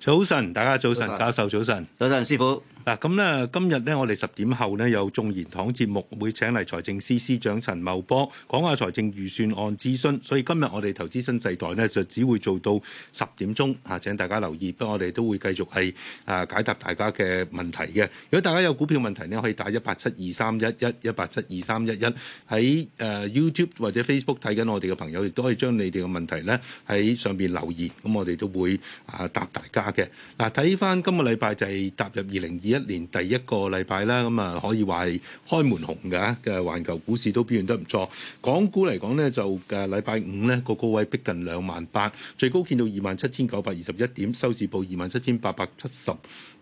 早晨，大家早晨，教授早晨，早晨，師傅。嗱，咁咧，今日咧，我哋十點後咧有眾賢堂節目，會請嚟財政司司長陳茂波講下財政預算案諮詢。所以今日我哋投資新世代咧，就只會做到十點鐘吓，請大家留意。不過我哋都會繼續係啊解答大家嘅問題嘅。如果大家有股票問題咧，可以打一八七二三一一一八七二三一一，喺誒 YouTube 或者 Facebook 睇緊我哋嘅朋友，亦都可以將你哋嘅問題咧喺上邊留言，咁我哋都會啊答大家。嘅嗱，睇翻今個禮拜就係踏入二零二一年第一個禮拜啦，咁啊可以話係開門紅㗎嘅，環球股市都表現得唔錯。港股嚟講咧，就嘅禮拜五咧個高位逼近兩萬八，最高見到二萬七千九百二十一點，收市報二萬七千八百七十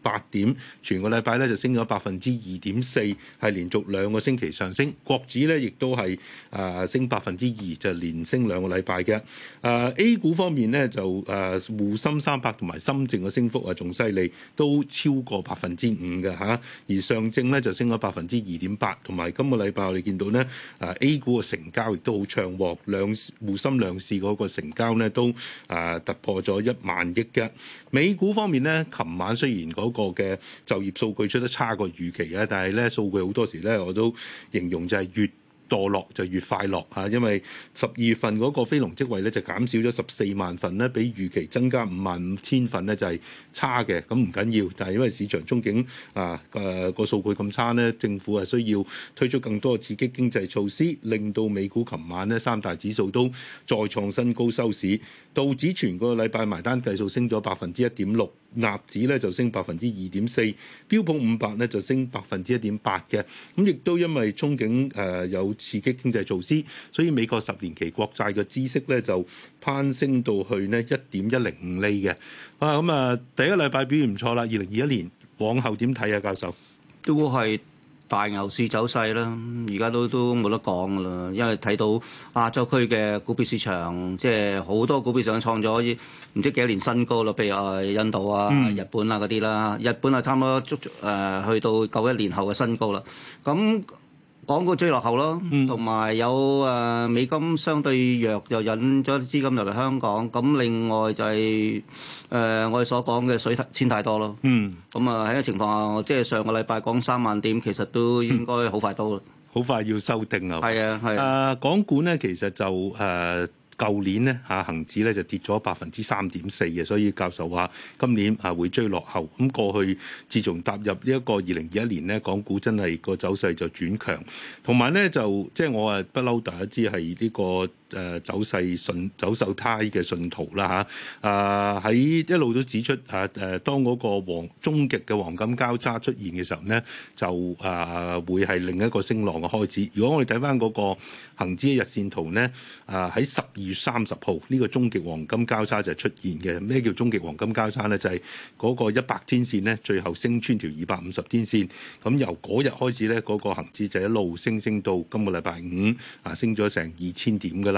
八點，全個禮拜咧就升咗百分之二點四，係連續兩個星期上升。國指咧亦都係誒升百分之二，就是、連升兩個禮拜嘅。誒、呃、A 股方面咧就誒滬、呃、深三百同埋深證嘅升幅啊，仲犀利，都超過百分之五嘅嚇。而上證咧就升咗百分之二點八，同埋今個禮拜我哋見到咧誒、呃、A 股嘅成交亦都好暢旺，兩滬深兩市嗰個成交咧都誒、呃、突破咗一萬億嘅。美股方面咧，琴晚雖然、嗰個嗰個嘅就業數據出得差過預期啊，但係咧，數據好多時咧，我都形容就係越。墮落就越快樂嚇，因為十二月份嗰個非農職位咧就減少咗十四萬份咧，比預期增加五萬五千份呢就係、是、差嘅。咁唔緊要，但係因為市場憧憬啊誒個數據咁差呢，政府係需要推出更多刺激經濟措施，令到美股琴晚呢三大指數都再創新高收市。道指全個禮拜埋單計數升咗百分之一點六，納指咧就升百分之二點四，標普五百咧就升百分之一點八嘅。咁亦都因為憧憬誒、呃、有刺激經濟措施，所以美國十年期國債嘅孳息咧就攀升到去呢一點一零五厘嘅。啊，咁、嗯、啊，第一禮拜表現唔錯啦。二零二一年往後點睇啊，教授？都係大牛市走勢啦。而家都都冇得講噶啦，因為睇到亞洲區嘅股票市場，即係好多股票上創咗唔知幾多年新高啦。譬如啊，印度啊、嗯、日本啊嗰啲啦，日本啊差唔多足誒、呃、去到九一年後嘅新高啦。咁港股追落後咯，同埋有誒美金相對弱就引咗資金入嚟香港。咁另外就係、是、誒、呃、我哋所講嘅水太錢太多咯。嗯，咁啊喺個情況下，即係上個禮拜講三萬點，其實都應該好快到啦。好快要收定啊！係啊係。啊。港股咧其實就誒。Uh, 舊年咧嚇，恆指咧就跌咗百分之三點四嘅，所以教授話今年嚇會追落後。咁過去自從踏入呢一個二零二一年咧，港股真係個走勢就轉強，同埋咧就即係、就是、我啊不嬲大家知係呢、呢個。誒、呃、走勢信走手胎嘅信徒啦嚇，啊喺一路都指出啊誒，當嗰個黃終極嘅黃金交叉出現嘅時候咧，就啊會係另一個升浪嘅開始。如果我哋睇翻嗰個恆指嘅日線圖咧，啊喺十二月三十號呢個終極黃金交叉就出現嘅。咩叫終極黃金交叉咧？就係、是、嗰個一百天線咧，最後升穿條二百五十天線，咁由嗰日開始咧，嗰、那個恆指就一路升升到今個禮拜五啊，升咗成二千點㗎啦。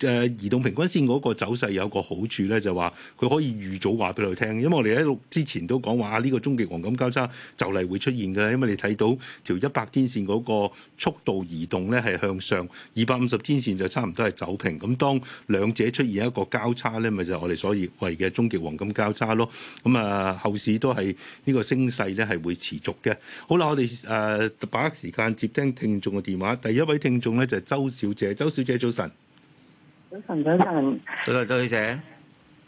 誒移動平均線嗰個走勢有個好處咧，就話佢可以預早話俾佢聽。因為我哋喺六之前都講話呢個終極黃金交叉就嚟會出現嘅啦。因為你睇到條一百天線嗰個速度移動咧係向上，二百五十天線就差唔多係走平。咁當兩者出現一個交叉咧，咪就係我哋所謂嘅終極黃金交叉咯。咁啊，後市都係呢個升勢咧係會持續嘅。好啦，我哋誒把握時間接聽聽眾嘅電話。第一位聽眾咧就係周小姐，周小姐早晨。早晨，早晨，早晨，周小姐，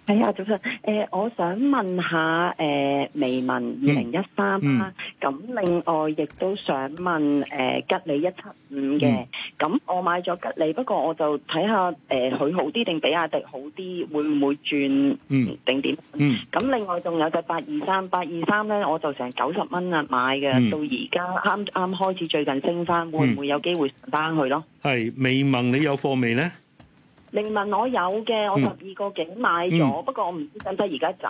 係啊，早晨，誒，我想問下誒，微盟二零一三啦，咁另外亦都想問誒，吉利一七五嘅，咁我買咗吉利，不過我就睇下誒，佢好啲定比亞迪好啲，會唔會轉？嗯，定點？嗯，咁另外仲有隻八二三，八二三咧，我就成九十蚊啊買嘅，到而家啱啱開始最近升翻，會唔會有機會上翻去咯？係微盟，你有貨未咧？你問我有嘅，我十二個幾買咗，嗯、不過我唔知使唔使而家走。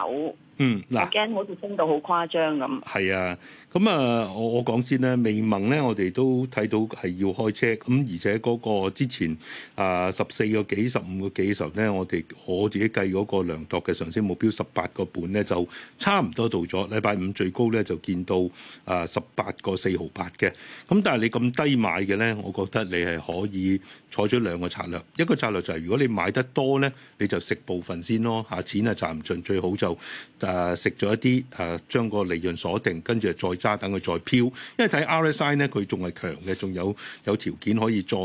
嗯，嗱、啊，我驚好似升到好誇張咁。係啊，咁啊，我我講先咧，未問咧，我哋都睇到係要開車咁，而且嗰個之前啊十四個幾十五個幾嘅時候咧，我哋我自己計嗰個量度嘅上升目標十八個半咧，就差唔多到咗。禮拜五最高咧就見到啊十八個四毫八嘅。咁但係你咁低買嘅咧，我覺得你係可以採取兩個策略。一個策略就係如果你買得多咧，你就食部分先咯嚇，錢啊賺唔盡，最好就。誒食咗一啲誒，將個利潤鎖定，跟住再揸等佢再飄，因為睇 RSI 咧，佢仲係強嘅，仲有有條件可以再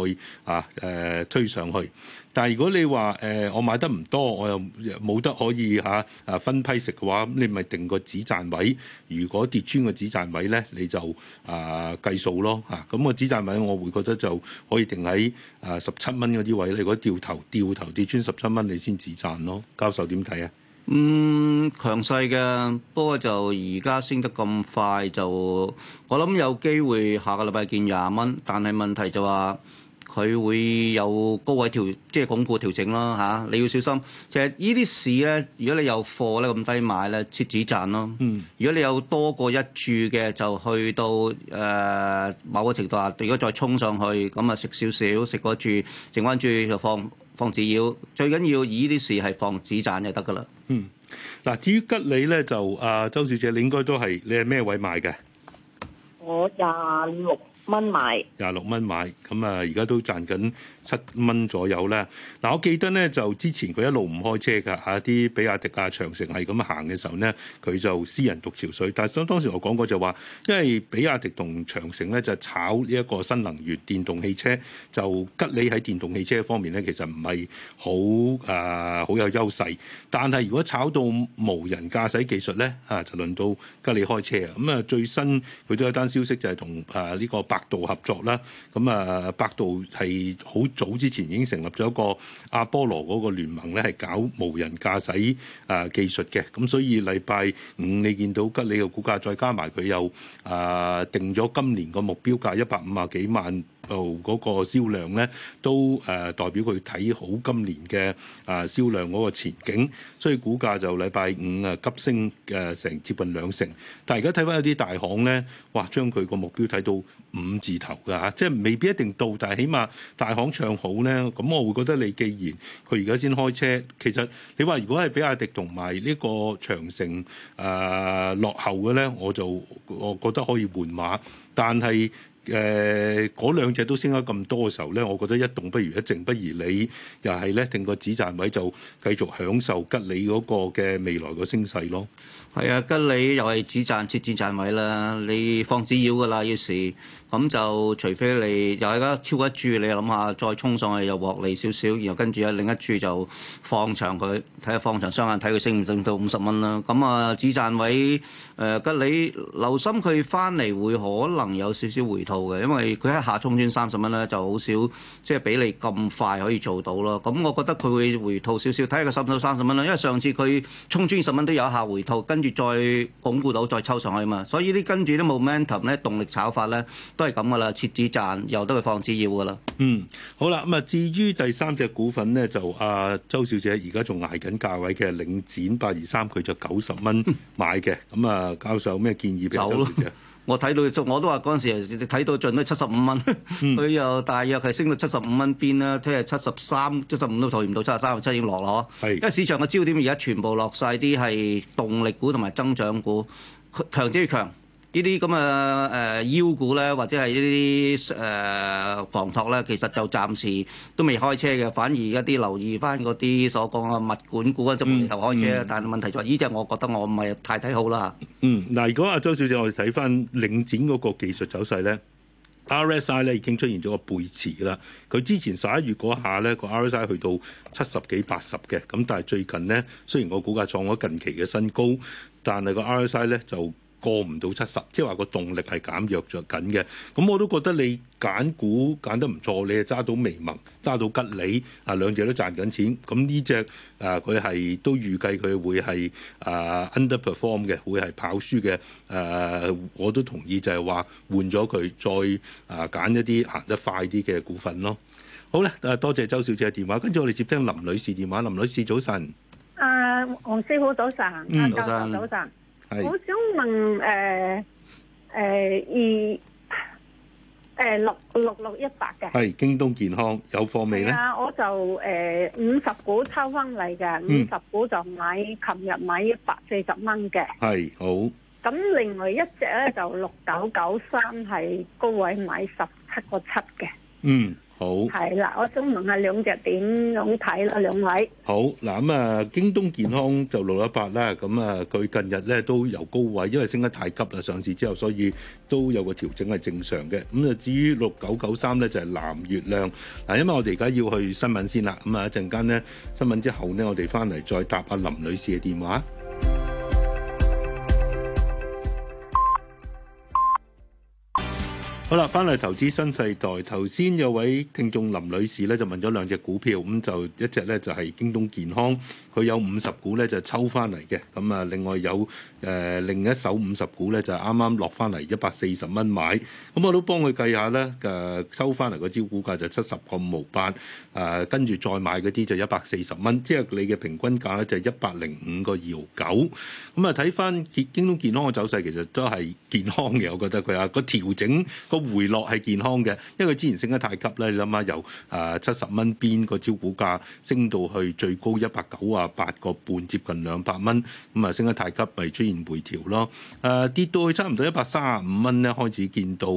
啊誒、呃、推上去。但係如果你話誒、呃、我買得唔多，我又冇得可以嚇啊，啊分批食嘅話，咁你咪定個止賺位。如果跌穿個止賺位咧，你就啊計數咯嚇。咁、啊那個止賺位我會覺得就可以定喺啊十七蚊嗰啲位。你如果掉頭掉頭，掉頭跌穿十七蚊，你先止賺咯。教授點睇啊？嗯，強勢嘅，不過就而家升得咁快，就我諗有機會下個禮拜見廿蚊，但係問題就話、是。佢會有高位調，即係鞏固調整啦嚇、啊。你要小心，其實依啲市咧，如果你有貨咧，咁低買咧，設止賺咯。嗯，如果你有多過一注嘅，就去到誒、呃、某個程度下，如果再衝上去，咁啊食少少，食過注，剩翻注就放放紙鷂。最緊要依啲市係放止賺就得噶啦。嗯，嗱，至於吉利咧，就啊、呃，周小姐，你應該都係你係咩位買嘅？我廿六。蚊買廿六蚊買，咁啊而家都賺緊七蚊左右啦。嗱，我記得咧就之前佢一路唔開車㗎，嚇啲比亞迪啊、長城係咁行嘅時候咧，佢就私人獨潮水。但係當當時我講過就話，因為比亞迪同長城咧就炒呢一個新能源電動汽車，就吉利喺電動汽車方面咧其實唔係好啊好有優勢。但係如果炒到無人駕駛技術咧，啊，就輪到吉利開車啊。咁啊最新佢都有一單消息就係同啊呢個百度合作啦，咁啊，百度係好早之前已經成立咗一個阿波羅嗰個聯盟咧，係搞無人駕駛啊技術嘅，咁所以禮拜五你見到吉利嘅股價再加埋，佢又啊定咗今年個目標價一百五啊幾萬。就嗰、哦那個銷量咧，都誒、呃、代表佢睇好今年嘅啊、呃、銷量嗰個前景，所以股價就禮拜五啊急升嘅成、呃、接近兩成。但係而家睇返有啲大行咧，哇將佢個目標睇到五字頭㗎嚇、啊，即係未必一定到，但係起碼大行唱好咧，咁我會覺得你既然佢而家先開車，其實你話如果係比亞迪同埋呢個長城誒、呃、落後嘅咧，我就我覺得可以換馬，但係。誒，嗰兩隻都升咗咁多嘅時候咧，我覺得一動不如一靜，不如你又係咧定個止賺位，就繼續享受吉利嗰個嘅未來個升勢咯。係啊，吉利又係止賺、設止賺位啦，你放止腰㗎啦，依時。咁就除非你又係家超過一注，你又諗下再衝上去又獲利少少，然後跟住咧另一注就放長佢，睇下放長雙眼睇佢升唔升，升，升到五十蚊啦。咁、嗯、啊，止賺位誒個、呃、你留心佢翻嚟會可能有少少回吐嘅，因為佢一下衝穿三十蚊咧就好少，即係俾你咁快可以做到咯。咁、嗯、我覺得佢會回吐少少，睇下佢冧唔到三十蚊啦。因為上次佢衝穿二十蚊都有一下回吐，跟住再鞏固到再抽上去啊嘛。所以呢，跟住都冇 momentum 咧，動力炒法咧。都係咁噶啦，設止賺又都係放止要噶啦。嗯，好啦，咁啊，至於第三隻股份咧，就阿周小姐而家仲捱緊價位嘅，領展八二三，佢就九十蚊買嘅。咁、嗯、啊，教授有咩建議走啦？走咯。我睇到，我都話嗰陣時睇到盡都七十五蚊，佢 又大約係升到七十五蚊邊啦。聽日七十三、七十五都逃唔到，七十三七點落咯。係。因為市場嘅焦點而家全部落晒啲係動力股同埋增長股，強即愈強。呃、呢啲咁嘅誒腰股咧，或者係呢啲誒房託咧，其實就暫時都未開車嘅，反而一啲留意翻嗰啲所講嘅物管股啊就開車，嗯嗯、但係問題就係，呢隻我覺得我唔係太睇好啦。嗯，嗱，如果阿周小姐我哋睇翻領展嗰個技術走勢咧，RSI 咧已經出現咗個背馳啦。佢之前十一月嗰下咧個 RSI 去到七十幾八十嘅，咁但係最近呢，雖然個股價創咗近期嘅新高，但係個 RSI 咧就，過唔到七十，即係話個動力係減弱咗緊嘅。咁我都覺得你揀股揀得唔錯，你係揸到微盟，揸到吉利啊，兩隻都賺緊錢。咁呢隻啊，佢、呃、係都預計佢會係啊、呃、underperform 嘅，會係跑輸嘅。誒、呃，我都同意就係話換咗佢，再啊揀、呃、一啲行得快啲嘅股份咯。好啦，誒多謝周小姐嘅電話，跟住我哋接聽林女士電話。林女士早晨。誒黃、uh, 師傅早晨。早晨。嗯早我想問誒誒二誒六六六一百嘅，係京東健康有貨未咧？係啊，我就誒五十股抽翻嚟嘅，五十股就買，琴日買一百四十蚊嘅。係，好。咁另外一隻咧就六九九三係高位買十七個七嘅嗯。好係啦，我想問下兩隻點樣睇啦，兩位。好嗱咁啊，京東健康就六一八啦，咁啊佢近日咧都由高位，因為升得太急啦，上市之後所以都有個調整係正常嘅。咁啊至於六九九三咧就係藍月亮嗱，因為我哋而家要去新聞先啦，咁啊一陣間咧新聞之後呢，我哋翻嚟再答阿林女士嘅電話。好啦，翻嚟投資新世代。頭先有位聽眾林女士咧就問咗兩隻股票，咁就一隻咧就係京東健康，佢有五十股咧就抽翻嚟嘅。咁啊，另外有誒、呃、另一手五十股咧就啱啱落翻嚟一百四十蚊買。咁我都幫佢計下啦，誒收翻嚟個招股價就七十個五毛八，誒跟住再買嗰啲就一百四十蚊，即係你嘅平均價咧就一百零五個二九。咁啊睇翻京京東健康嘅走勢，其實都係健康嘅，我覺得佢啊、那個調整。回落係健康嘅，因為之前升得太急咧，你諗下由啊七十蚊邊個招股價升到去最高一百九十八個半，接近兩百蚊，咁啊升得太急咪出現回調咯。誒跌到去差唔多一百三十五蚊咧，開始見到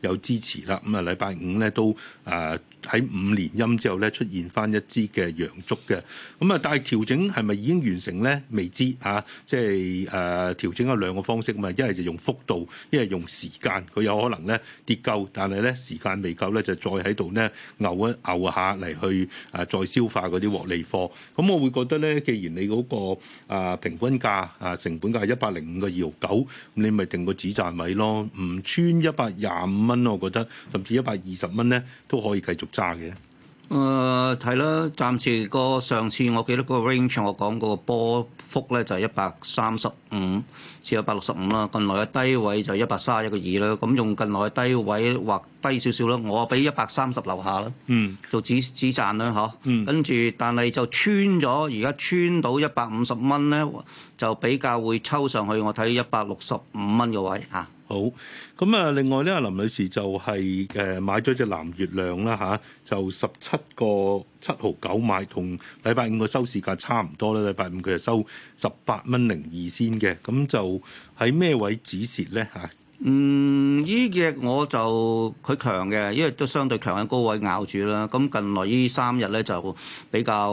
有支持啦。咁啊禮拜五咧都誒，呃喺五連陰之後咧，出現翻一支嘅陽燭嘅，咁啊，但係調整係咪已經完成咧？未知啊，即係誒、啊、調整有兩個方式啊嘛，一係就用幅度，一係用時間。佢有可能咧跌夠，但係咧時間未夠咧，就再喺度咧牛一牛下嚟去啊再消化嗰啲獲利貨。咁我會覺得咧，既然你嗰、那個啊平均價啊成本價一百零五個二六九，你咪定個止賺位咯，唔穿一百廿五蚊，我覺得甚至一百二十蚊咧都可以繼續。揸嘅，誒睇啦，暫時個上次我記得個 range 我講嗰個波幅咧就係一百三十五至一百六十五啦，近來嘅低位就一百三十一個二啦，咁用近來嘅低位劃低少少啦，我俾一百三十樓下啦，指指嗯，做止止賺啦嗬，嗯，跟住但係就穿咗，而家穿到一百五十蚊咧，就比較會抽上去，我睇一百六十五蚊嘅位嚇。好咁啊。另外咧，林女士就係誒買咗隻藍月亮啦嚇，就十七個七毫九買，同禮拜五個收市價差唔多啦。禮拜五佢係收十八蚊零二仙嘅，咁就喺咩位止蝕咧嚇？嗯，呢隻我就佢強嘅，因為都相對強喺高位咬住啦。咁近來呢三日咧就比較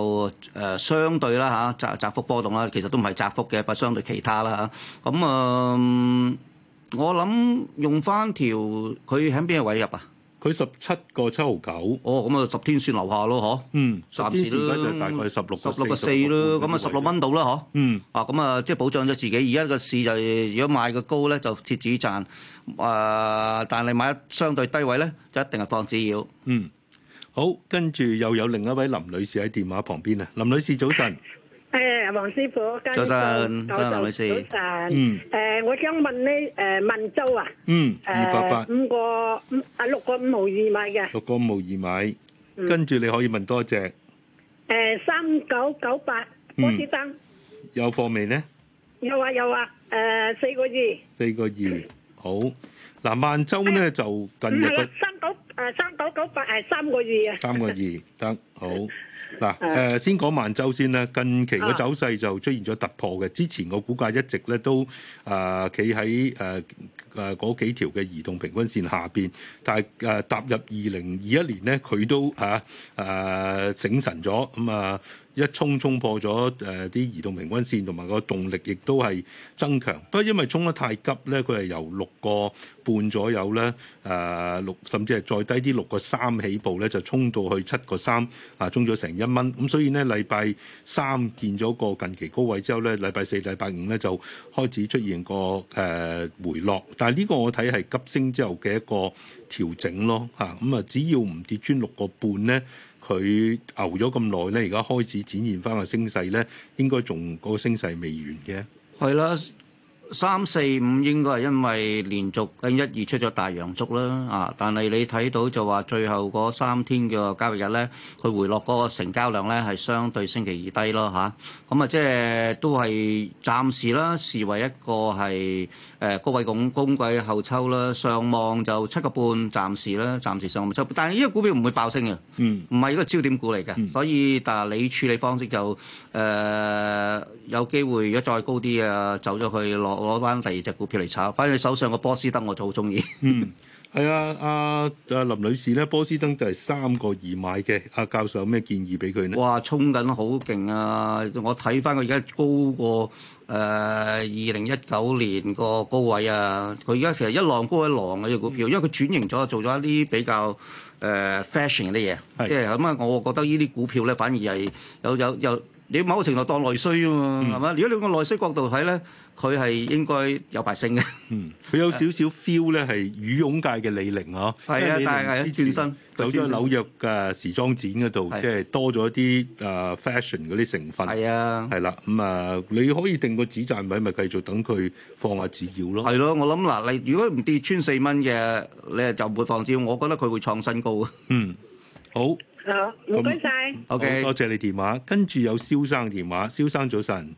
誒相對啦嚇，窄窄幅波動啦，其實都唔係窄幅嘅，不過相對其他啦嚇。咁啊～我諗用翻條佢喺邊個位入啊？佢十七個七毫九。哦，咁啊，十天算樓下咯，嗬。嗯，暫時呢大概十六個四。十六個四咯，咁啊，十六蚊度啦，嗬。嗯。啊，咁啊，即係保障咗自己。而家個市就如果買嘅高咧，就設止賺。啊，但係買相對低位咧，就一定係放止蝕。嗯。好，跟住又有另一位林女士喺電話旁邊啊。林女士早晨。 誒，黃師傅，早晨，早晨，女士，早晨，嗯，誒，我想問呢，誒，萬州啊，嗯，二八八，五個五啊六個五毫二米嘅，六個五毫二米，跟住你可以問多一隻，誒，三九九八，波司登，有貨未呢？有啊有啊，誒，四個二，四個二，好，嗱，萬州呢就近日嘅，唔係啊，三九誒三九九八係三個二啊，三個二得，好。嗱，誒先講萬洲先啦，近期個走勢就出現咗突破嘅。之前個股價一直咧都啊企喺誒誒嗰幾條嘅移動平均線下邊，但係誒、呃、踏入二零二一年咧，佢都嚇誒、呃、醒神咗，咁、嗯、啊。呃一衝衝破咗誒啲移動平均線，同埋個動力亦都係增強。不過因為衝得太急咧，佢係由六個半左右咧，誒、呃、六甚至係再低啲六個三起步咧，就衝到去七個三啊，衝咗成一蚊。咁所以咧，禮拜三見咗個近期高位之後咧，禮拜四、禮拜五咧就開始出現個誒回落。但係呢個我睇係急升之後嘅一個調整咯。嚇咁啊，只要唔跌穿六個半咧。佢熬咗咁耐咧，而家開始展現翻個升勢咧，應該仲、嗰個升勢未完嘅。係啦。三四五應該係因為連續跟一二出咗大陽燭啦，啊！但係你睇到就話最後嗰三天嘅交易日咧，佢回落嗰個成交量咧係相對星期二低咯嚇。咁啊，即係都係暫時啦，視為一個係誒高位拱供貴後抽啦。上望就七個半暫時啦，暫時上望七個半。但係呢個股票唔會爆升嘅，嗯，唔係一個焦點股嚟嘅，所以但係你處理方式就誒有機會，如果再高啲啊，走咗去落。我攞翻第二隻股票嚟炒，反正你手上個波司登我就好中意。嗯，係啊，阿、啊、阿林女士咧，波司登就係三個二買嘅。阿、啊、教授有咩建議俾佢咧？哇，衝緊好勁啊！我睇翻佢而家高過誒二零一九年個高位啊！佢而家其實一浪高一浪嘅隻股票，嗯、因為佢轉型咗，做咗一啲比較誒、呃、fashion 啲嘢。即係咁啊！我覺得呢啲股票咧，反而係有有有，有，有，有，你某個程度當內需啊嘛，係嘛、嗯？如果你按內需角度睇咧。佢係應該有排升嘅，佢有少少 feel 咧係羽絨界嘅李寧啊，係啊，但係有轉身，走咗紐約嘅時裝展嗰度，即係多咗啲誒 fashion 嗰啲成分係啊，係啦，咁啊，你可以定個止賺位，咪繼續等佢放下止腰咯，係咯，我諗嗱，你如果唔跌穿四蚊嘅，你就唔會放招，我覺得佢會創新高啊，嗯，好，唔該曬，OK，多謝你電話，跟住有蕭生嘅電話，蕭生早晨。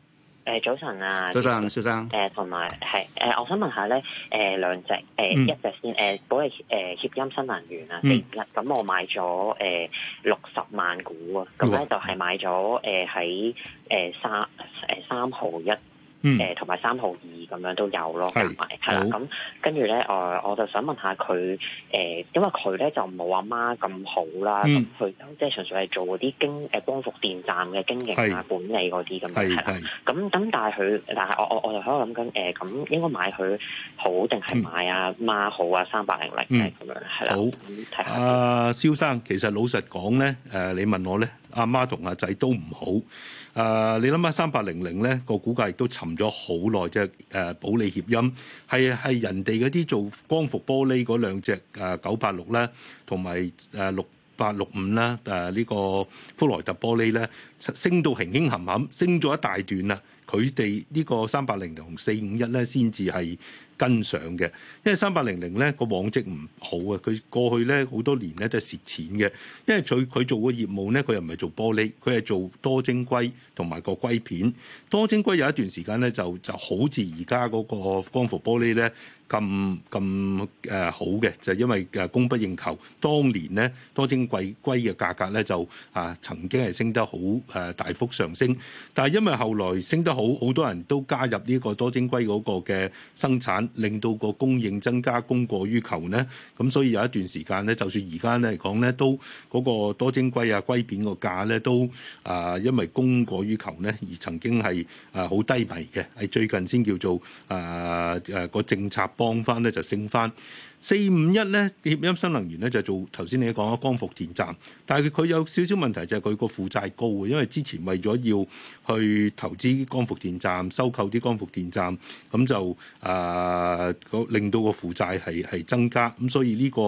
誒早晨啊，早晨，小生。誒同埋係誒，我想問下咧，誒、呃、兩隻，誒、呃嗯、一隻先，誒、呃、保利，誒、呃、協鑫新能源啊，嗯，咁我買咗誒六十萬股啊，咁咧就係買咗誒喺誒三誒、呃、三毫一。誒同埋三號二咁樣都有咯，同埋係啦。咁跟住咧，誒我就想問下佢誒，因為佢咧就冇阿媽咁好啦，佢即係純粹係做嗰啲經誒光伏電站嘅經營啊、管理嗰啲咁樣係啦。咁咁但係佢，但係我我我就喺度諗緊誒，咁應該買佢好定係買阿媽好啊？三百零零嘅咁樣係啦。好，睇下阿蕭生，其實老實講咧，誒你問我咧，阿媽同阿仔都唔好。誒、呃，你諗下，三八零零咧，個股價亦都沉咗好耐，隻誒保利協鑫係係人哋嗰啲做光伏玻璃嗰兩隻、呃、九八六啦，同埋誒六八六五啦，誒、呃、呢、這個福萊特玻璃咧，升到平平冚冚，升咗一大段啦。佢哋呢個三八零零同四五一咧，先至係跟上嘅。因為三八零零咧個往績唔好啊，佢過去咧好多年咧都係蝕錢嘅。因為佢佢做嘅業務咧，佢又唔係做玻璃，佢係做多晶硅同埋個硅片。多晶硅有一段時間咧就就好似而家嗰個光伏玻璃咧咁咁誒好嘅，就因為誒供不應求。當年咧多晶硅硅嘅價格咧就啊、呃、曾經係升得好誒、呃、大幅上升，但係因為後來升得。好好多人都加入呢個多晶硅嗰個嘅生產，令到個供應增加，供過於求呢，咁所以有一段時間呢，就算而家呢嚟講呢，都嗰個多晶硅啊、硅片個價呢，都啊因為供過於求呢，而曾經係啊好低迷嘅，係最近先叫做啊誒個政策幫翻呢，就升翻。四五一咧，協鑫新能源咧就係、做頭先你講嘅光伏電站，但係佢有少少問題，就係佢個負債高，因為之前為咗要去投資光伏電站、收購啲光伏電站，咁就誒、呃、令到個負債係係增加咁，所以呢、呢個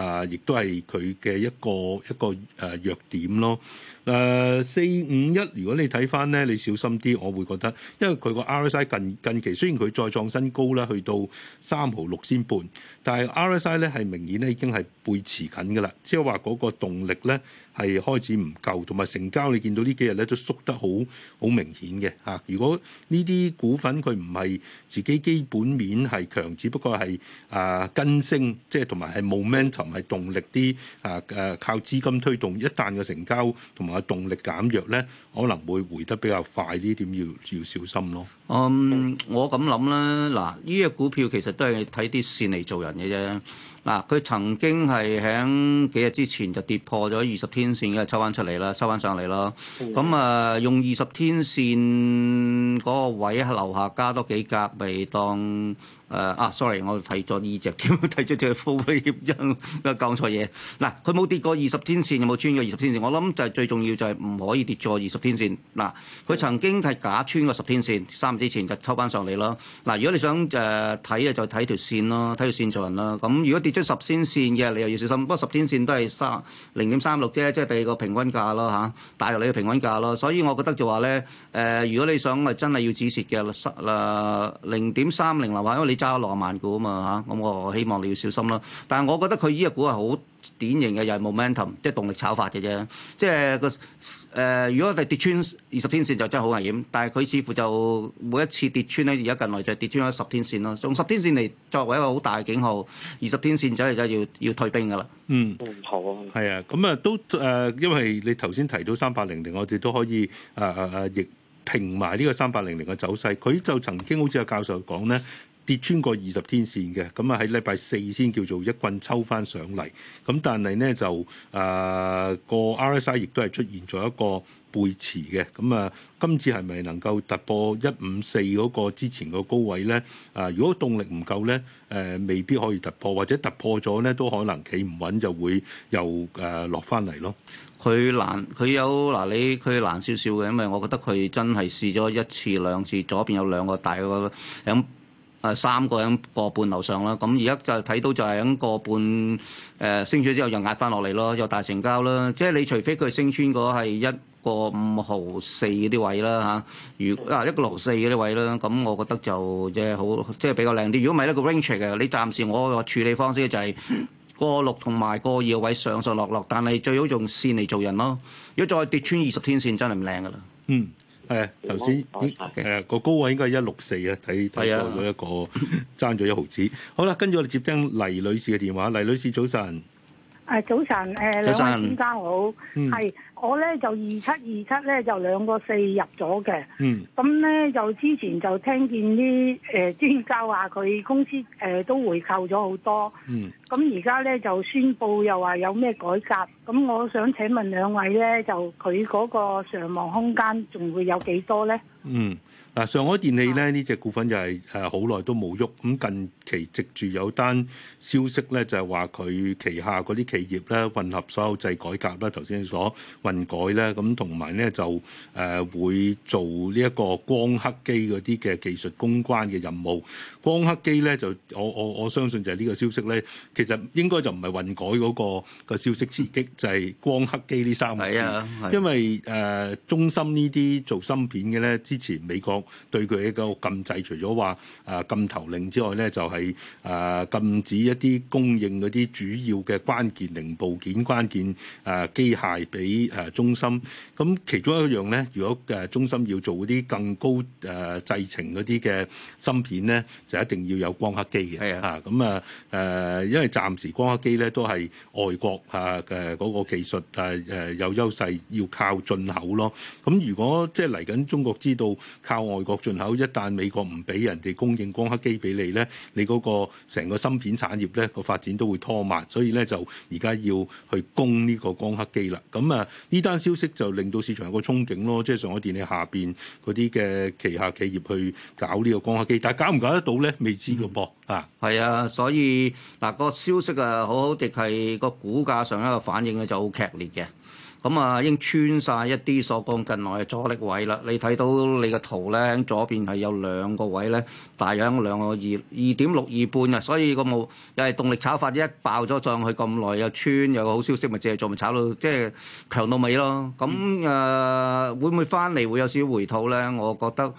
誒亦都係佢嘅一個一個誒、呃、弱點咯。誒四五一，1，如果你睇翻咧，你小心啲，我會覺得因為佢個 RSI 近近期雖然佢再創新高啦，去到三毫六仙半。但係 RSI 咧係明顯咧已經係背馳緊噶啦，即係話嗰個動力咧。係開始唔夠，同埋成交你見到呢幾日咧都縮得好好明顯嘅嚇。如果呢啲股份佢唔係自己基本面係強，只不過係啊跟升，即係同埋係 momentum 係動力啲啊誒靠資金推動。一旦個成交同埋個動力減弱咧，可能會回得比較快呢，點要要小心咯。嗯，我咁諗啦。嗱，呢隻股票其實都係睇啲線嚟做人嘅啫。啊！佢曾經係喺幾日之前就跌破咗二十天線嘅，收翻出嚟啦，收翻上嚟啦。咁啊，用二十天線。嗰個位喺樓下加多幾格，未當誒、呃、啊！Sorry，我睇咗呢隻點睇錯條烽火鶏音，講錯嘢。嗱，佢冇跌過二十天線，有冇穿過二十天線？我諗就係最重要，就係唔可以跌咗二十天線。嗱，佢曾經係假穿過十天線，三日之前就抽翻上嚟啦。嗱，如果你想誒睇啊，呃、看就睇條線咯，睇條線做人啦。咁如果跌出十天線嘅，你又要小心。不過十天線都係三零點三六啫，即係第二個平均價咯嚇，打入你嘅平均價咯。所以我覺得就話咧誒，如果你想咪真係要止蝕嘅，零點三零樓啊，30，因為你揸咗六萬股嘛啊嘛嚇，咁我希望你要小心啦。但係我覺得佢依個股係好典型嘅，又係 momentum，即係動力炒法嘅啫。即係個誒，如果係跌穿二十天線就真係好危險。但係佢似乎就每一次跌穿咧，而家近來就係跌穿咗十天線咯。用十天線嚟作為一個好大嘅警號，二十天線走嚟就要要退兵噶啦。嗯，好啊，係啊，咁啊都誒，因為你頭先提到三八零零，我哋都可以誒誒、呃、逆。平埋呢個三八零零嘅走勢，佢就曾經好似阿教授講咧。跌穿個二十天線嘅，咁啊喺禮拜四先叫做一棍抽翻上嚟，咁但係咧就誒個、呃、RSI 亦都係出現咗一個背馳嘅，咁啊、呃、今次係咪能夠突破一五四嗰個之前個高位咧？啊、呃，如果動力唔夠咧，誒、呃、未必可以突破，或者突破咗咧都可能企唔穩就會又誒、呃、落翻嚟咯。佢難佢有嗱、啊、你佢難少少嘅，因為我覺得佢真係試咗一次兩次，左邊有兩個大個響。三個人過半樓上啦，咁而家就睇到就係喺個半誒、呃、升咗之後又壓翻落嚟咯，又大成交啦。即係你除非佢升穿個係一個五毫四嗰啲位啦嚇，如啊一個六毫四嗰啲位啦，咁我覺得就即係好即係、就係、比較靚啲。如果唔係咧個 range 嘅，你暫時我嘅處理方式就係個六同埋個二嘅位上上落落，但係最好用線嚟做人咯。如果再跌穿二十天線，真係唔靚噶啦。嗯。係，頭先、哎，係、哎哎那個高位應該係一六四啊，睇睇錯咗一個，爭咗、啊、一毫子。好啦，跟住我哋接聽黎女士嘅電話。黎女士早晨，誒早晨，誒兩位先生好，係、嗯、我咧就二七二七咧就兩個四入咗嘅，嗯，咁咧就之前就聽見啲誒專家話佢公司誒、呃、都回購咗好多，嗯，咁而家咧就宣布又話有咩改革。咁我想請問兩位咧，就佢嗰個上望空間仲會有幾多咧？嗯，嗱，上海電器咧呢隻股份就係誒好耐都冇喐，咁近期藉住有單消息咧，就係話佢旗下嗰啲企業咧混合所有制改革啦，頭先所混改咧，咁同埋咧就誒會做呢一個光刻機嗰啲嘅技術公關嘅任務。光刻機咧就我我我相信就係呢個消息咧，其實應該就唔係混改嗰個個消息刺激。就係光刻機呢三樣，因為誒中芯呢啲做芯片嘅咧，之前美國對佢一個禁制，除咗話禁投令之外咧，就係誒禁止一啲供應嗰啲主要嘅關鍵零部件、關鍵誒機械俾誒中芯。咁其中一樣咧，如果誒中芯要做嗰啲更高誒製程嗰啲嘅芯片咧，就一定要有光刻機嘅。係啊，咁啊誒，因為暫時光刻機咧都係外國啊嘅。嗰個技術誒誒有優勢，要靠進口咯。咁如果即係嚟緊中國知道靠外國進口，一旦美國唔俾人哋供應光刻機俾你咧，你嗰個成個芯片產業咧個發展都會拖慢。所以咧就而家要去供呢個光刻機啦。咁啊，呢單消息就令到市場有個憧憬咯。即係上海電力下邊嗰啲嘅旗下企業去搞呢個光刻機，但係搞唔搞得到咧？未知嘅噃。嗯啊，係啊，所以嗱、那個消息啊，好好地係個股價上一個反應咧，就好劇烈嘅。咁啊，已經穿晒一啲所講近來嘅阻力位啦。你睇到你個圖咧，左邊係有兩個位咧，大約兩個二二點六二半啊。所以個冇又係動力炒法，一爆咗上去咁耐又穿，有個好消息咪做咪炒到即係強到尾咯。咁誒、呃、會唔會翻嚟會有少少回吐咧？我覺得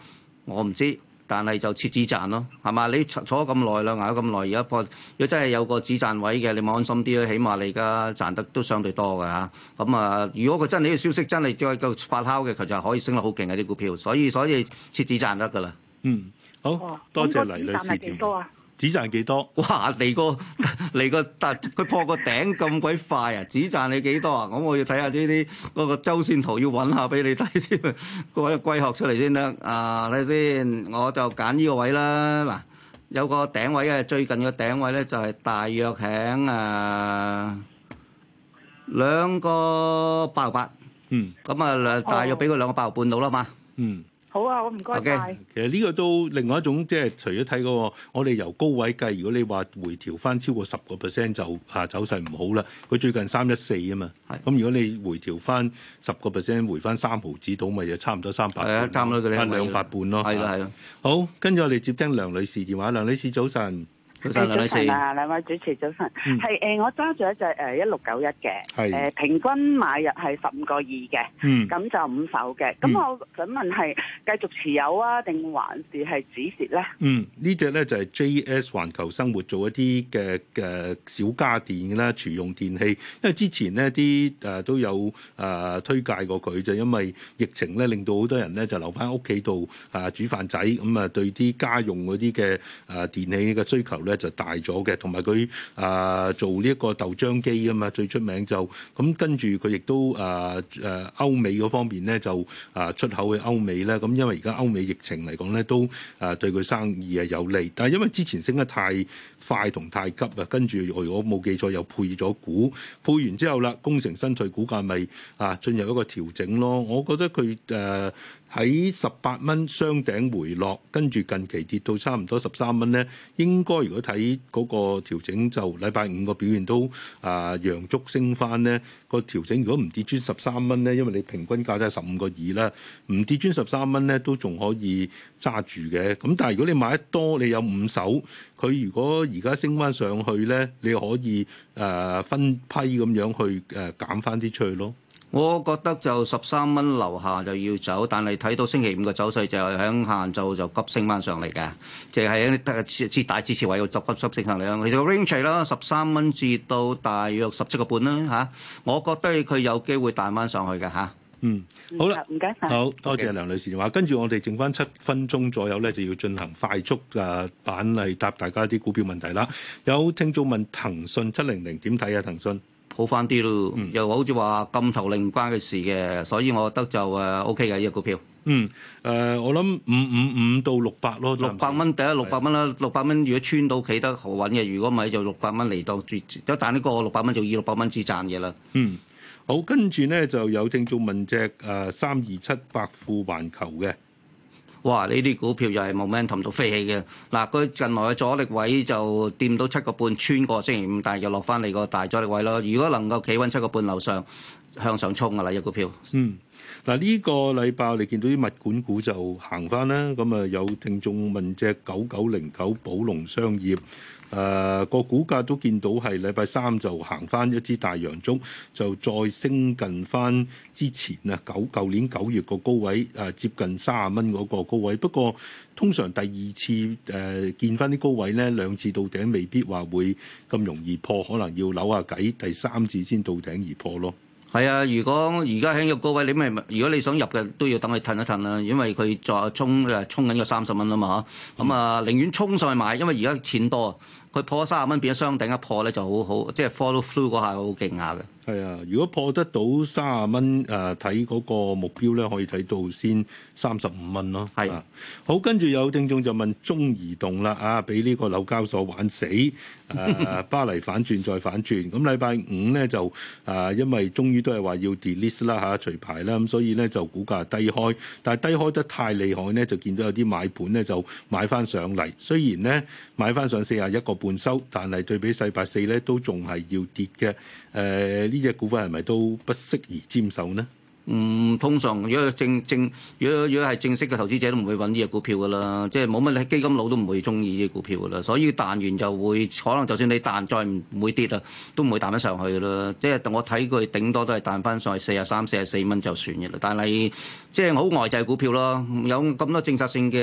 我唔知。但係就設止賺咯，係嘛？你坐咗咁耐啦，捱咗咁耐，而家破，如果真係有個止賺位嘅，你咪安心啲咯，起碼你而家賺得都相對多㗎吓。咁啊，如果個真係消息真係再夠發酵嘅，佢就係、可以升得好勁嘅啲股票，所以所以設止賺得噶啦。嗯，好，多謝黎女士。止賺幾多？哇！嚟個嚟個，但佢破個頂咁鬼快啊！止賺你幾多啊？咁我要睇下呢啲嗰個週線圖，要揾下俾你睇先，個龜殼出嚟先得。啊，睇先，我就揀呢個位啦。嗱，有個頂位呀，最近嘅頂位咧，就係大約喺啊兩個八六八。嗯。咁啊，大約俾佢兩個八六半到啦嘛。嗯。好啊，我唔該曬。Okay. 其實呢個都另外一種，即係除咗睇個，我哋由高位計，如果你話回調翻超過十個 percent 就下走勢唔好啦。佢最近三一四啊嘛，咁的如果你回調翻十個 percent，回翻三毫子到，咪就差唔多三百，係啊的，差唔多嘅兩百半咯。係啦，係啦。好，跟住我哋接聽梁女士電話。梁女士，早晨。早晨，兩位主持早晨，係誒、嗯、我揸住一隻誒一六九一嘅，誒是平均買入係十五個二嘅，咁、嗯、就五手嘅。咁我想問係繼續持有啊，定還是係止蝕咧？嗯，呢隻咧，就係 J S 環球生活做一啲嘅誒小家電啦，廚用電器。因為之前呢啲誒都有誒推介過佢，就因為疫情咧令到好多人咧就留翻屋企度啊煮飯仔，咁啊對啲家用嗰啲嘅誒電器嘅需求。就 大咗嘅，同埋佢啊做呢一個豆漿機啊嘛，最出名就咁。跟住佢亦都誒誒歐美嗰方面咧就誒、啊、出口去歐美咧，咁、啊、因為而家歐美疫情嚟講咧都誒、啊、對佢生意啊有利，但係因為之前升得太快同太急啊，跟住我如果冇記錯又配咗股，配完之後啦，工程新退股價咪啊進入一個調整咯。我覺得佢誒喺十八蚊雙頂回落，跟住近期跌到差唔多十三蚊咧，應該。如果睇嗰個調整就禮拜五個表現都啊、呃、陽燭升翻咧，個調整如果唔跌穿十三蚊咧，因為你平均價都係十五個二啦，唔跌穿十三蚊咧都仲可以揸住嘅。咁但係如果你買得多，你有五手，佢如果而家升翻上去咧，你可以誒、呃、分批咁樣去誒減翻啲出去咯。我覺得就十三蚊樓下就要走，但係睇到星期五嘅走勢就喺下晝就急升翻上嚟嘅，淨係喺大支持位要急急升上嚟。其實 range 啦，十三蚊至到大約十七個半啦嚇、啊，我覺得佢有機會彈翻上去嘅嚇。啊、嗯，好啦，唔該晒。好多謝梁女士電話。Okay. 跟住我哋剩翻七分鐘左右咧，就要進行快速誒板例答大家啲股票問題啦。有聽眾問騰訊七零零點睇啊？騰訊。好翻啲咯，嗯、又好似話禁投令唔關嘅事嘅，所以我覺得就誒 O K 嘅呢個股票。嗯，誒、呃、我諗五五五到六百咯，六百蚊第一六百蚊啦，六百蚊如果穿到企得好穩嘅，如果唔係就六百蚊嚟到當最，但呢個六百蚊就以六百蚊之賺嘅啦。嗯，好，跟住咧就有聽眾問隻誒三二七百富環球嘅。哇！呢啲股票又係冇 momentum 到飛起嘅，嗱，佢近來嘅阻力位就掂到七個半穿過星期五，但係又落翻嚟個大阻力位咯。如果能夠企穩七個半樓上，向上衝㗎啦，啲、這個、股票。嗯，嗱，呢個禮拜你哋見到啲物管股就行翻啦，咁啊有聽眾問隻九九零九寶龍商業。誒、uh，個股價都見到係禮拜三就行翻一支大陽燭，就再升近翻之前啊，九舊年九月個高位啊，接近三十蚊嗰個高位。不過通常第二次誒、呃、見翻啲高位呢，兩次到頂未必話會咁容易破，可能要扭下計，第三次先到頂而破咯。係啊，如果而家喺個高位，你咪如果你想入嘅，都要等佢褪一褪啦，因為佢再衝誒衝緊個三十蚊啊嘛，咁啊寧願衝上去買，因為而家錢多，啊。佢破三十蚊變咗雙頂一破咧就好好，即係 follow through 嗰下好勁下嘅。係啊，如果破得到卅啊蚊，誒睇嗰個目標咧，可以睇到先三十五蚊咯。係是啊，好跟住有聽眾就問中移動啦，啊，俾呢個紐交所玩死，誒、啊、巴黎反轉再反轉。咁禮拜五咧就誒、啊，因為終於都係話要 delist 啦嚇，除牌啦，咁所以咧就股價低開，但係低開得太厲害咧，就見到有啲買盤咧就買翻上嚟。雖然咧買翻上四十一個半收，但係對比禮拜四咧都仲係要跌嘅。誒、呃呢隻股份係咪都不適宜堅守呢？唔、嗯、通常，如果正正，如果如果係正式嘅投資者都唔會揾呢隻股票噶啦，即係冇乜，你基金佬都唔會中意呢啲股票噶啦。所以彈完就會可能，就算你彈再唔會跌啦，都唔會彈得上去噶啦。即係我睇佢頂多都係彈翻上去四啊三、四啊四蚊就算嘅啦。但係即係好外資股票咯，有咁多政策性嘅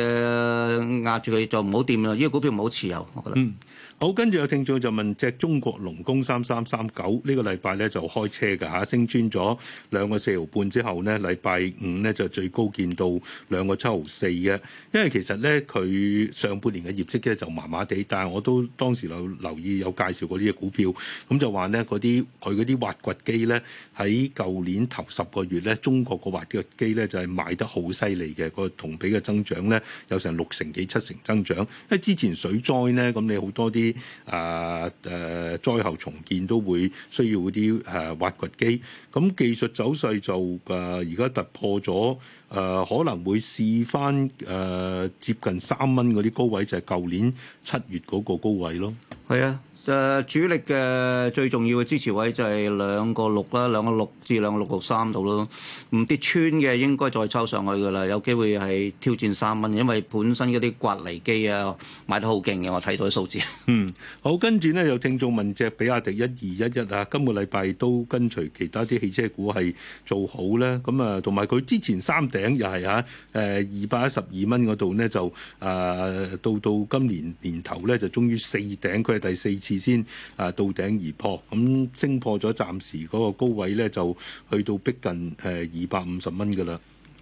壓住佢，就唔好掂啦。呢個股票唔好持有，我覺得。嗯，好，跟住有聽眾就問，即係中國龍工三三三九呢個禮拜咧就開車嘅嚇、啊，升穿咗兩個四毫半。之後咧，禮拜五咧就最高見到兩個七毫四嘅，因為其實咧佢上半年嘅業績咧就麻麻地，但係我都當時有留意有介紹過呢隻股票，咁就話咧嗰啲佢嗰啲挖掘機咧喺舊年頭十個月咧，中國個挖掘機咧就係、是、賣得好犀利嘅，個同比嘅增長咧有成六成幾七成增長，因為之前水災咧，咁你好多啲啊誒災後重建都會需要嗰啲誒挖掘機，咁技術走勢就。誒而家突破咗，誒、呃、可能會試翻誒接近三蚊嗰啲高位，就係、是、舊年七月嗰個高位咯。係啊。誒主力嘅最重要嘅支持位就係兩個六啦，兩個六至兩個六六三度咯，唔跌穿嘅應該再抽上去噶啦，有機會係挑戰三蚊，因為本身嗰啲刮離機啊，買得好勁嘅，我睇到啲數字。嗯，好，跟住咧有聽眾問隻比亞迪一二一一啊，今個禮拜都跟隨其他啲汽車股係做好咧，咁啊，同埋佢之前三頂又係嚇，誒，二百一十二蚊嗰度咧就誒、啊、到到今年年頭咧就終於四頂佢係第四次。先啊到頂而破，咁升破咗，暫時嗰個高位咧就去到逼近誒二百五十蚊嘅啦。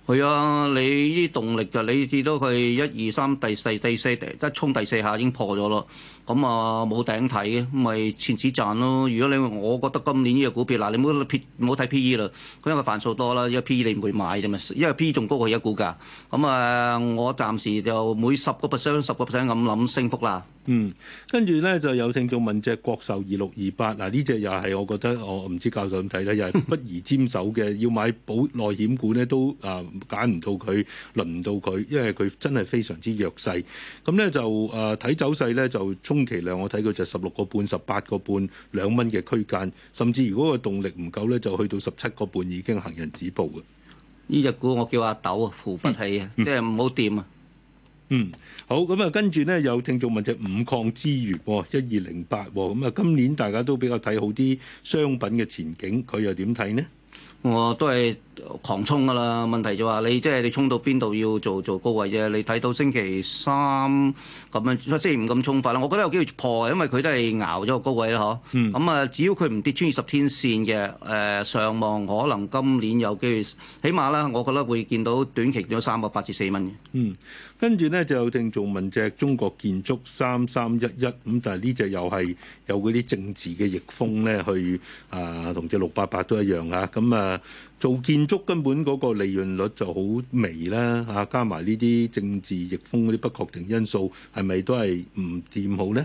係啊，你呢啲動力就、啊、你至到佢一二三第四第四，即係沖第四下已經破咗咯。咁啊冇頂睇嘅，咁咪蝕紙賺咯。如果你我覺得今年呢隻股票嗱，你唔好撇唔好睇 P E 啦，佢因為繁數多啦，因為 P E 你唔會買啫嘛，因為 P E 仲高過一股價。咁啊，我暫時就每十個 percent 十個 percent 咁諗升幅啦。嗯，跟住咧就有聽眾問隻國壽二六二八嗱，呢隻又係我覺得我唔知教授點睇咧，又係不宜沾手嘅。要買保內險股咧都啊揀唔到佢，輪唔到佢，因為佢真係非常之弱勢。咁咧就啊睇走勢咧就。充其量我睇佢就十六個半、十八個半兩蚊嘅區間，甚至如果個動力唔夠咧，就去到十七個半已經行人止步嘅。呢隻股我叫阿豆啊，扶不起啊，嗯、即係唔好掂啊。嗯，好，咁啊，跟住呢，有聽眾問隻五礦資源，一二零八，咁啊，今年大家都比較睇好啲商品嘅前景，佢又點睇呢？我都係狂衝噶啦，問題就話你即係你衝到邊度要做做高位啫？你睇到星期三咁樣，星期五咁衝法啦。我覺得有機會破嘅，因為佢都係熬咗個高位啦，嗬、嗯。咁啊，只要佢唔跌穿二十天線嘅，誒、呃、上望可能今年有機會，起碼啦，我覺得會見到短期咗三個八至四蚊嘅。嗯。跟住咧就定做文隻中國建築三三一一咁，但係呢隻又係有嗰啲政治嘅逆風咧，去啊同隻六八八都一樣嚇，咁啊做建築根本嗰個利潤率就好微啦嚇、啊，加埋呢啲政治逆風嗰啲不確定因素，係咪都係唔掂好咧？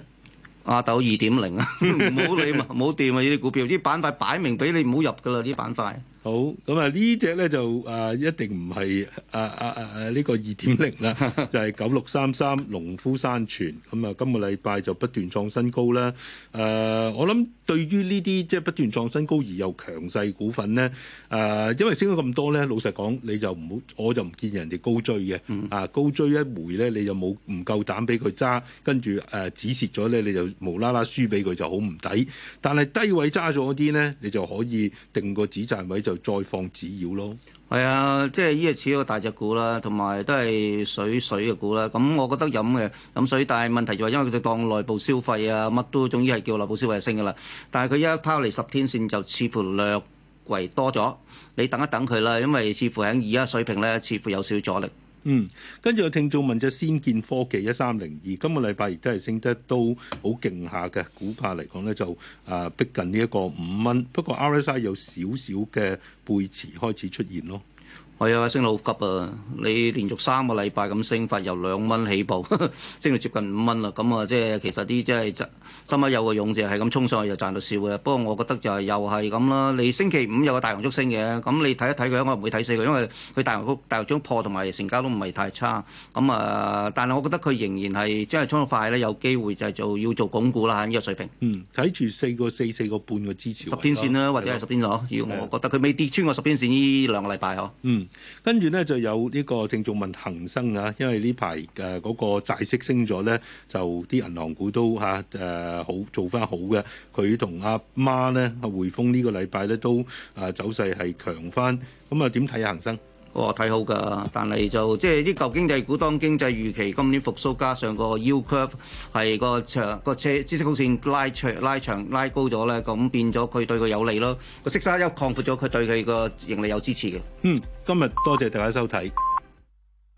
阿豆二點零啊，唔好 理嘛，冇掂啊！呢啲 股票，啲板塊擺明俾你唔好入噶啦，啲板塊。好，咁啊呢隻咧就啊一定唔係、呃、啊啊啊呢、這個二點零啦，就係九六三三農夫山泉。咁、呃、啊今個禮拜就不斷創新高啦。誒、呃，我諗對於呢啲即係不斷創新高而又強勢股份咧，誒、呃，因為升咗咁多咧，老實講你就唔好，我就唔建議人哋高追嘅。嗯、啊，高追一回咧，你就冇唔夠膽俾佢揸，跟住誒、呃、止蝕咗咧，你就無啦啦輸俾佢就好唔抵。但係低位揸咗啲咧，你就可以定個止賺位。就再放紙鷂咯，係啊，即係依個似一個大隻股啦，同埋都係水水嘅股啦。咁我覺得飲嘅飲水，但係問題就係因為佢哋當內部消費啊，乜都總之係叫內部消費升噶啦。但係佢一拋嚟十天線就似乎略為多咗，你等一等佢啦，因為似乎喺而家水平咧，似乎有少少阻力。嗯，跟住有聽眾問咗先健科技一三零二，今個禮拜亦都係升得都好勁下嘅，股價嚟講咧就啊逼近呢一個五蚊，不過 RSI 有少少嘅背馳開始出現咯。我有啊，升得好急啊！你連續三個禮拜咁升法，由兩蚊起步，升到接近五蚊啦。咁啊，即係其實啲即係心啊，有個勇者係咁衝上去，就賺到笑嘅。不過我覺得就係又係咁啦。你星期五有個大陽燭升嘅，咁你睇一睇佢，我唔會睇死佢，因為佢大陽燭大陽燭破同埋成交都唔係太差。咁啊，但係我覺得佢仍然係真係衝得快咧，有機會就係做要做鞏固啦。呢個水平。嗯，睇住四個四、四個半嘅支持。十天線啦，或者係十天線。如果我覺得佢未跌穿過十天線呢兩個禮拜呵。嗯。跟住咧就有呢個正眾問恒生啊，因為呢排誒嗰個債息升咗咧，就啲銀行股都嚇、啊、誒、啊、好做翻好嘅。佢同阿媽咧，阿匯豐呢個禮拜咧都啊走勢係強翻。咁啊，點睇啊，恒生？我睇、哦、好㗎，但係就即係啲舊經濟股，當經濟預期今年復甦，加上個 U curve 係個長知識曲線拉長拉長拉高咗咧，咁變咗佢對佢有利咯。個息差一擴闊咗，佢對佢個盈利有支持嘅。嗯，今日多謝大家收睇。